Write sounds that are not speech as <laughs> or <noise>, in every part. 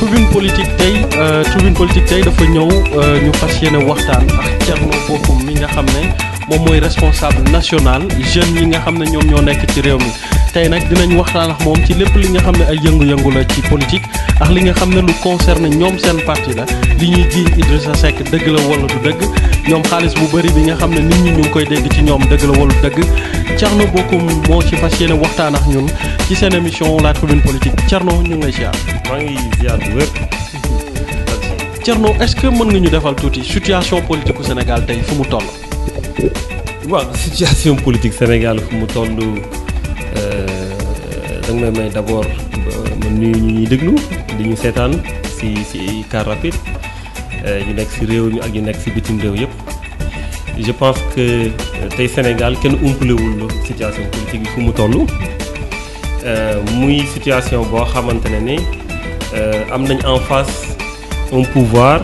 tribune politique tey euh, tribune politique tey dafa ñëw euh, ñu fas yéene waxtaan ak Thierno Bocoum mi nga xam ne. moom mooy responsable national jeunes yi nga xam ne ñoom ñoo nekk ci réew mi tey nag dinañ waxtaan ak moom ci lépp li nga xam ne ay yëngu-yëngu la ci politique ak li nga xam ne lu concerne ñoom seen parti la li ñuy jiiñ Idrissa Seck dëgg la wala du dëgg ñoom xaalis bu bëri bi nga xam ne nit ñi ñu ngi koy dégg ci ñoom dëgg la wala dëgg Thierno Bocoum moo ci fas yéene waxtaan ak ñun ci seen émission la tribune politique Thierno ñu ngi lay ziar. maa ngi ziar bu wér. Thierno est-ce que mën nga ñu defal tuuti situation politique u Sénégal tey mu toll. waaw <laughs> situation politique Sénégal fu mu toll euh, da nga may may d'abord euh, ma nuyu ñu ñuy déglu di ñu seetaan si si car rapide euh, ñu nekk si réew mi ak ñu nekk si bitim réew yëpp je pense que tey Sénégal kenn umpalewul situation politique fu mu toll muy situation boo xamante ne ni am nañ en face un pouvoir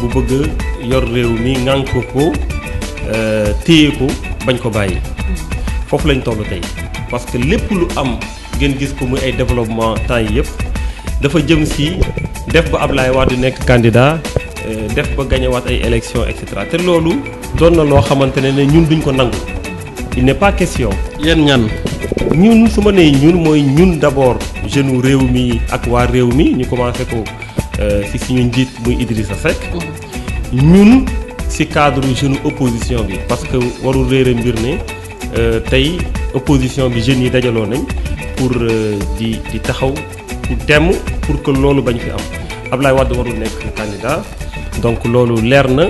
bu bëgg yor réew mi ŋànk ko. Euh, téye ko bañ ko bàyyi foofu lañ toll tey parce que lépp lu am ngeen gis ko muy ay développement temps yi yëpp dafa jëm si def ba Ablaye Wade nekk candidat euh, def ba gañewaat ay élection et cetera te loolu doon na loo xamante ne ne ñun duñ ko nangu il n'est pas question. yéen ñan ñun su ma nee ñun mooy ñun d'abord jeune réew mi ak waa réew mi ñu commencé ko euh, si suñu njiit muy Idrissa Seck mm-hmm. ñun. C'est cadre jeune opposition bi parce que warul réere mbir ne euh, tay opposition bi jeune yi dajaloo nañ pour euh, di di taxaw temm pour que lolu bañ fi am Ablaye Wade warul nek candidat donc lolu leer na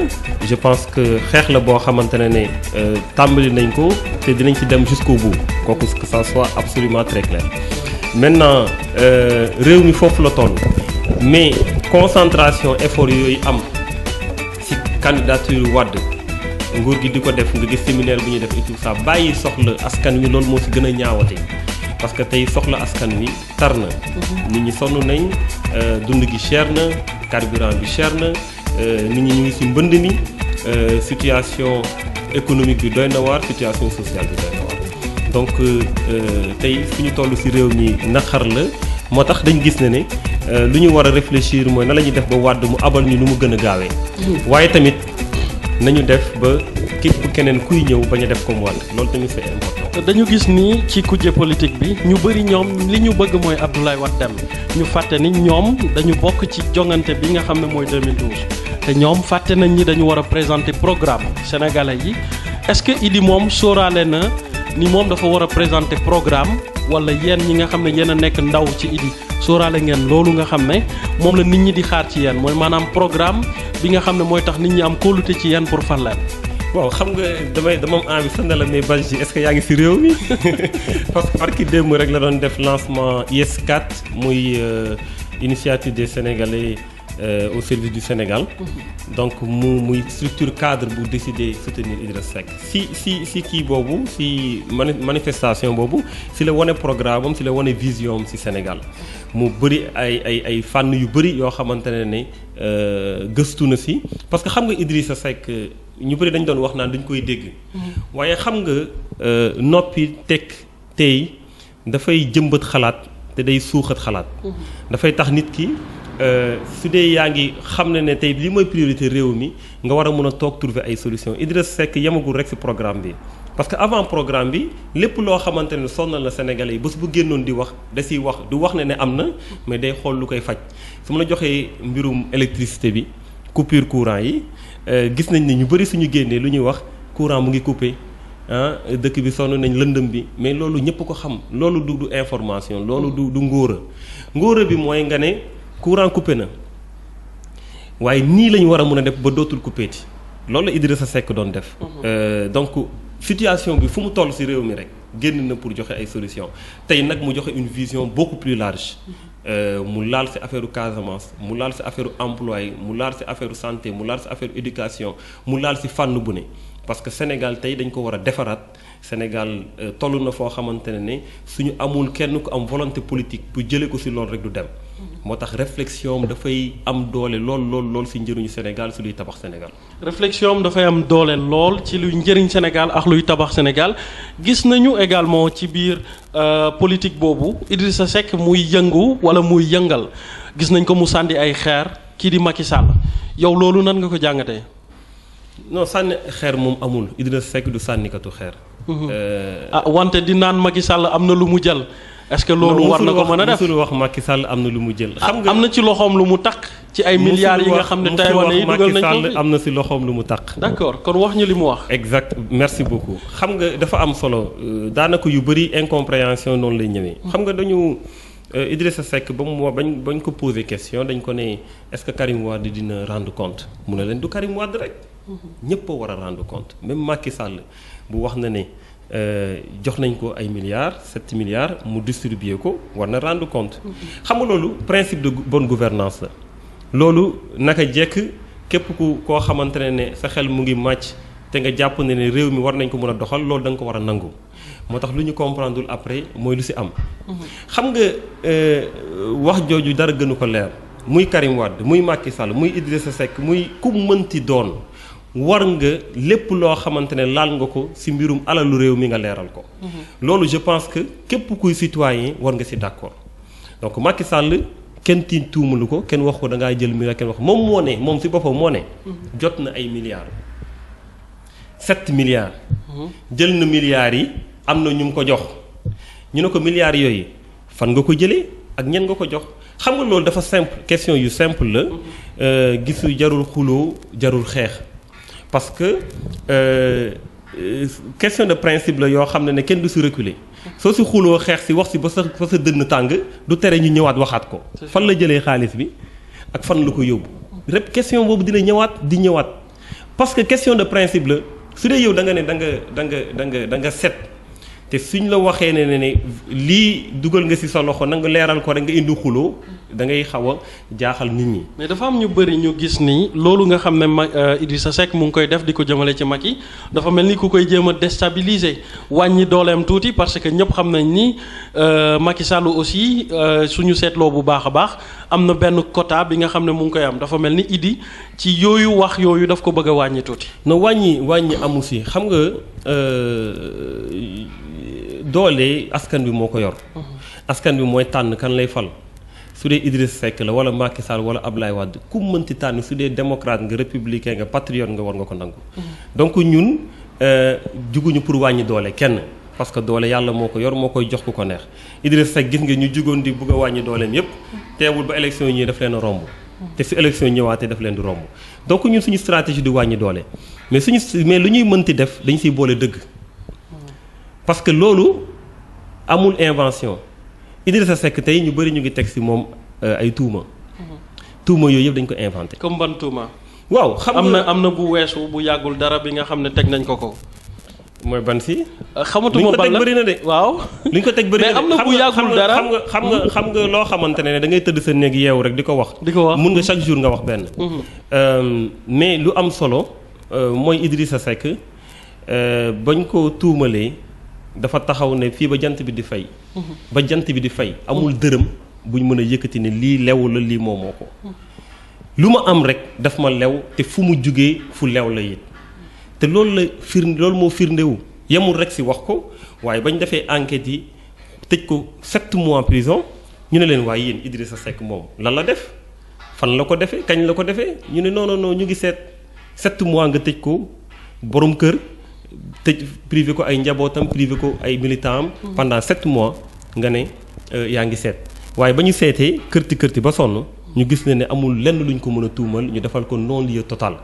je pense que xex la bo xamantene ne ne euh, tàmbali nañ ko te dinañ ci dem jusqu'au bout kooku que ça soit absolument très clair maintenant réew mi fofu la toll mais concentration effort yoy am candidature Wade nguur gi def séminaire et tout ça soxla askan parce que tey soxla askan mhm. nit ñi nañ euh, dund gi cher na carburant bi cher na euh, nit ñi euh, situation économique du doy situation sociale doy donc tey si la Euh, lu ñu war a réfléchir mooy na la ñuy def ba wàdd mu abal ñu lu mu gën a gaawee. Mhm. waaye tamit nañu def ba képp keneen kuy ñëw bañ a def comme wàdd loolu tamit c'est important. dañu gis ni ci kujje politique bi ñu bëri ñoom li ñu bëgg mooy Abdoulaye Wade dem ñu fàtte ni ñoom dañu bokk ci jongante bi nga xam ne mooy 2012 te ñoom fàtte nañ ñi dañu war a présenter programme sénégalais yi est-ce que Idi moom sóoraale na ni moom dafa war a présenter programme wala yéen ñi nga xam ne yéen a nekk ndaw ci sóoraale ngeen loolu nga xam ne moom la nit ñi di xaar ci yéen mooy maanaam programme bi nga xam ne mooy tax nit ñi am kóolute ci yéen pour fal leen waaw xam nga damay dama am envie sax ne la mais Badji est-ce que yaa ngi ci réew mi <laughs> parce que barki démb rek la doon def lancement IS4 muy euh, initiative des Sénégalais Euh, au service du Sénégal. donc mu structure cadre pour décider soutenir Idriss Seck si si si kii bobu, si manifestation bobu, si le one programme si le one vision si Sénégal mu bëri ay ay ay fan yu bëri yo xamante ne euh, gëstu na si parce que xam nga Idrissa Seck euh, ñu bari dañ doon wax naan dañ koy dégg. Mm-hmm. waaye xam nga euh, noppi tek tey dafay jëmbat xalaat te day suuxat xalaat. Mm-hmm. dafay tax nit ki. Euh, su dee yaa ngi xam ne ne tey li mooy priorité réew mi nga war a mën a toog trouver ay solution Idriss Seck yemagul rek ci programme bi parce que avant programme bi lépp loo xamante ne sonnal na Sénégalais yi bés bu génnoon di wax da ciy wax du wax ne ne am na mais day xool lu koy faj su ma la joxee mbirum électricité bi coupure courant yi euh, gis nañ ni ñu bari suñu génnee lu ñuy wax courant mu ngi coupé ah dëkk bi sonn nañ lëndëm bi mais loolu ñëpp ko xam loolu du information loolu du du ngóora ngóora bi mooy nga ne courant coupé na waye ni la wara mëna def ba dootul coupé ti loolu Idrissa Seck doon def. Mhm. Euh, donc situation bi fu mu toll ci réew mi rek génn na pour joxe ay solution tey nag mu joxe une vision beaucoup plus large. Euh, mu laal ci affaire Casamance mu laal ci affaire emploi mu laal ci affaire santé mu laal ci affaire éducation mu laal ci fànn bu ne parce que Sénégal tey dañ ko war a defaraat. Sénégal euh, toll na foo xamante ne ne suñu amul kenn ku am volonté politique bu jëlee ko ci loolu rek du dem. moo tax réflexion am dafay am doole lol lool lool si njëriñu Sénégal si luy tabax Sénégal. réflexion am dafay am doole lool ci luy njëriñ Sénégal ak luy tabax Sénégal gis nañu également ci biir euh, politique boobu Idrissa sek muy yëngu wala muy yëngal gis nañ ko mu sandi ay xeer kii di Macky Sall yow loolu nan nga ko jàngatee. non sànni xeer moom amul Idrissa sek du sànnikatu xeer. Mm-hmm. Euh, ah wante di naan Macky Sall am na lu mu jël. est-ce que war def ci lu mu milliards yi nga yi exact merci beaucoup. xam nga dafa am solo euh, daanaka yu bëri incompréhension noonu lay ñëwee. xam nga dañu euh, Idrissa Seck bañ poser question dañ ko est-ce que Karim Wade dina rendre compte mu ne leen du Karim mhm. rendre compte même Macky Sall bu wax Euh, jox nañ ko ay milliards sept milliards mu distribuer ko war na rendre compte. Mm-hmm. xam nga loolu principe de bon gouvernance la. loolu naka jekk képp ku koo xamante ne ne sa xel mu ngi màcc te nga jàpp ne ne réew mi war nañ ko mën a doxal loolu da nga ko war a nangu moo tax lu ñu comprendreul après mooy lu si am. Mm-hmm. xam nga euh, wax jooju dara gënu ko leer muy Karim Wade muy Macky Sall muy sa Seck muy ku mënti doon. war nga lépp loo xamante ne laal nga ko ci mbirum alalu réew mi nga leeral ko. Mhm. loolu je pense que képp kuy citoyen war nga ci d'accord donc Macky Sall kenn tiiñ tuumalu ko kenn wax ko da ngaa jël milliard kenn wax moom moo ne moom ci boppam moo ne. Mhm. jot na ay milliards. 7 milliards. Mhm. jël na milliards yi am na ñu mu ko jox ñu ne ko milliards yooyu fan nga ko jëlee ak ñen nga ko jox. xam nga loolu dafa simple question yu simple la euh, gisu jarul xuloo jarul xeex parce que euh, euh, question de principe la yoo xam ne ne kenn du si reculer soo si xuloo xeex si wax si ba sa ba sa dënn tàng du tere ñu ñëwaat waxaat ko fan la jëlee xaalis bi ak fan la ko yóbbu rek question boobu dina ñëwaat di ñëwaat parce que question de principe la su dee yow da nga ne da nga da nga da nga da nga set te suñ la waxee ne ne lii dugal nga si sa loxo na nga leeral ko da nga indi xuloo da ngay xaw a jaaxal nit ñi. mais dafa am ñu bëri ñu gis ni loolu nga xam ne ma euh, sa Seck mu ngi koy def di ko jëmale ci Macky dafa mel ni ku koy jéem a déstabiliser wàññi dooleem tuuti parce que ñëpp xam nañ ni euh, Macky Sall aussi euh, suñu seetloo bu baax a baax am na benn quota bi nga xam ne mu ngi koy am dafa mel ni Idi ci yooyu wax yooyu daf ko bëgg a wàññi tuuti. na wàññi wàññi amu si xam nga doole askan bi moo ko yor. Mhm. askan bi mooy tànn kan lay fal. su dee Idriss Seck la wala Macky Sall wala Ablaye Wade ku mënti tànn su dee démocrate nga républicain nga patriote nga war nga ko nangu. Mm-hmm. donc ñun euh, juguñu pour wàññi doole kenn. parce que doole yàlla moo ko yor moo koy jox ku ko neex Idriss Seck gis nga ñu jugoon di bugg a wàññi dooleem yépp teewul ba élection yi ñii daf leen a romb. te su élection ñëwaatee daf leen di romb. donc ñun suñu stratégie di wàññi doole mais suñu mais lu ñuy mënti def dañu siy boole dëgg. Mm-hmm. que loolu amul invention. Idrissa sekk tey ñu bëri ñu ngi teg si moom euh, ay tuuma. Mm-hmm. tuuma yooyu yëpp dañ ko inventé. comme ban tuuma. waaw xam nga am na am na bu weesu bu yàggul dara bi nga xam ne teg nañ ko ko. mooy ban si. Euh, xamatuma ban la bëri na de. waaw li ko teg bëri na <laughs> am na bu yàggul dara xam nga xam nga xam nga loo xamante ne da ngay tëdd sa néeg yeewu rek di ko wax. di ko wax mun nga chaque jour nga wax benn. Mm-hmm. Euh, mais lu am solo mooy Idrissa Seck bañ ko tuumalee. dafa taxaw ne fii ba jant bi di fay. ba jant bi di fay amul dërëm buñ mën a yëkkati ne lii lew la lii moomoo ko. lu ma am rek daf ma lew te fu mu jógee fu lew la it te loolu la firnde loolu moo firndewu yemul rek si wax ko waaye bañ defee enquête yi tëj ko sept mois prison ñu ne leen waaye yéen Idrissa Seck moom lan la def fan la ko defee kañ la ko defee ñu ne non non ñu ngi seet sept mois nga tëj ko borom kër. tëj privé ko ay njabootam privé ko ay militant am. Mm-hmm. pendant mois nga ne euh, yaa ngi seet waaye ba ñu seetee kërti kërti ba sonn ñu gis ne ne amul lenn luñ ko mën a tuumal ñu defal ko non lieu total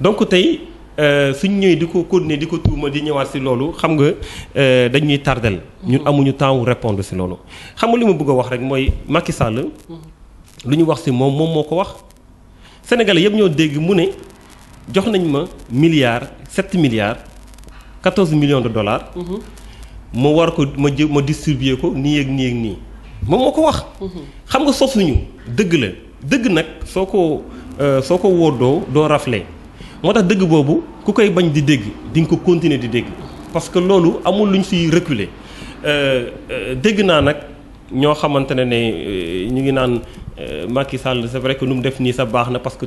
donc tey euh, suñ ñëwee di ko continuer di ko tuumal di ñëwaat si loolu xam nga euh, dañuy tardel ñun mm-hmm. amuñu temps wu répondre si loolu xam nga li ma bëgg a wax rek mooy Macky Sall mm-hmm. lu ñu wax si moom moom moo ko wax sénégalais yëpp ñoo dégg mu ne jox nañ ma milliards sept milliards 14 millions de dollars. Je mhm. war ko ma jë ma distribuer ko nii ak Je mhm. xam nga la euh, rafle ne continuer di parce que c'est amul lu ñu reculer euh, euh, dégg naa nag ñoo xamante ne ne que Macky c'est vrai que nous avons def sa a parce que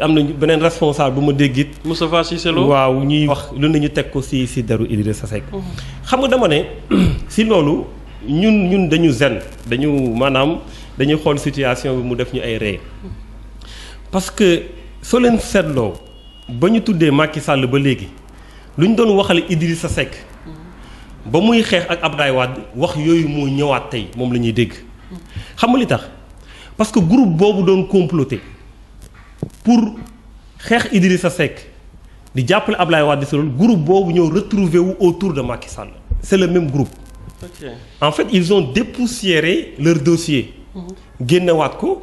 am nañu beneen responsable bu ma dégg it. Moustapha Cissé waaw ñuy wax lu ñu teg ko si si deru Idrissa Seck. Mhm. xam nga dama ne <clears throat> si loolu ñun ñun dañu zen dañu maanaam dañuy xool situation bi mu def ñu ay ree parce que soo leen seetloo ba ñu tuddee Macky Sall ba léegi lu ñu doon waxal waxale sa Seck ba muy xeex ak Abdoulaye Wade wax yooyu moo ñëwaat tey moom la ñuy dégg mhm. xam nga li tax parce que groupe boobu doon comploté. pour xeex Idrissa Seck di jàppale Ablaye Wade si groupe bobu ñeu retrouver wu autour de Macky Sall c'est le même groupe. Okay. en fait ils ont dépoussiéré leur dossier. Mhm. génnewaat ko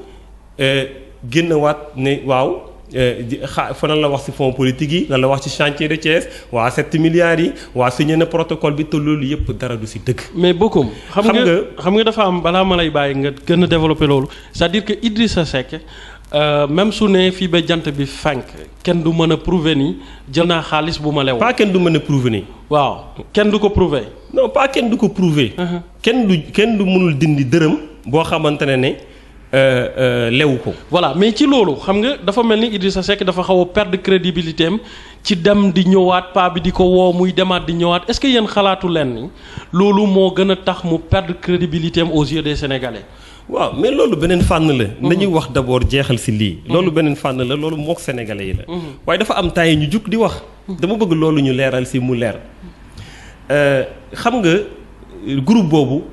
euh, génnewaat ne waaw. Euh, xa la wax ci fonds politique yi lan la wax ci chantier de Thiès wa sept milliards yi wa signé na protocole bi te loolu yépp dara du ci dëgg. mais bokkum xam nga xam nga dafa am bala ma lay bàyyi nga gën a développé loolu c'est-à-dire que Idrissa Seck. Euh, même su ne fi be jant bi fank ken du meuna prouver ni jël naa xaalis bu ma lew pas ken du meuna prouver ni waaw ken du ko prouver non pas ken du ko prouver uh-huh. ken du ken du mënul dindi dërëm boo xamante ne euh, euh lewu ko voilà mais ci lolu xam nga dafa melni Idrissa Seck dafa xaw perdre crédibilité am ci dem di ñëwaat paa bi di ko wo muy demat di ñëwaat est-ce que yeen xalaatu leen ni loolu moo gën tax mu perdre crédibilité am aux yeux des Sénégalais waaw mais loolu beneen fànn la. la mhm. ñuy wax d' abord jeexal si lii. Mhm. loolu beneen fànn la loolu mook sénégalais yi la. Mhm. waaye dafa am temps yi ñu jug di wax. dama bëgg loolu ñu leeral si mu leer. Euh, xam nga groupe boobu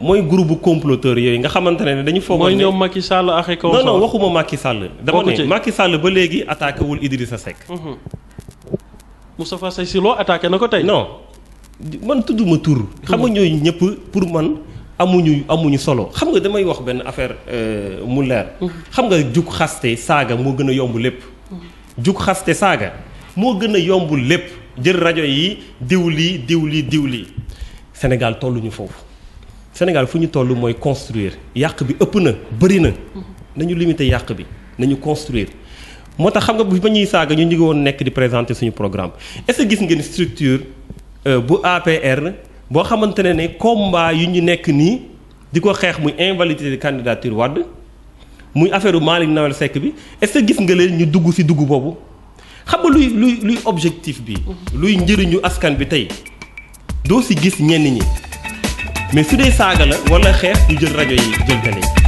mooy groupe bu yooyu nga xamante ne dañu. foog mooy ñoom Macky Sall ak kaw non non waxuma Macky Sall. dama ne Macky Sall ba léegi attaqué wul Idrissa Seck. Moustapha Cissé Lo attaqué na ko tey. non man tudduma tur. xam nga ñooyu ñëpp pour amuñu amuñu solo xam nga damay wax benn affaire euh, mu leer. Mm-hmm. xam nga jug xaste saaga moo gën a yomb lépp. Mm-hmm. jug xaste saaga moo gën a yomb lépp jël rajo yi diw lii diw lii diw lii Sénégal tolluñu foofu Sénégal fu ñu toll mooy construire yàq bi ëpp na bëri na mm-hmm. nañu limiter yàq bi nañu construire. moo tax xam nga bu ba ñuy saaga ñu ngi nekk di présenter suñu programme est-ce que gis ngeen structure euh, bu APR. bo xamantene ne combat yu ñu nekk nii di ko xeex muy invalidité candidature Wade muy affaire Malick Nawel Seck bi est-ce gis nga leen ñu dugg ci dugg boobu xam nga luy luy luy objectif bi. Mhm. luy njëriñu askan bi tey doo ci gis ñenn ñi mais su dee saaga la wala xeex ñu jël rajo yi jël télé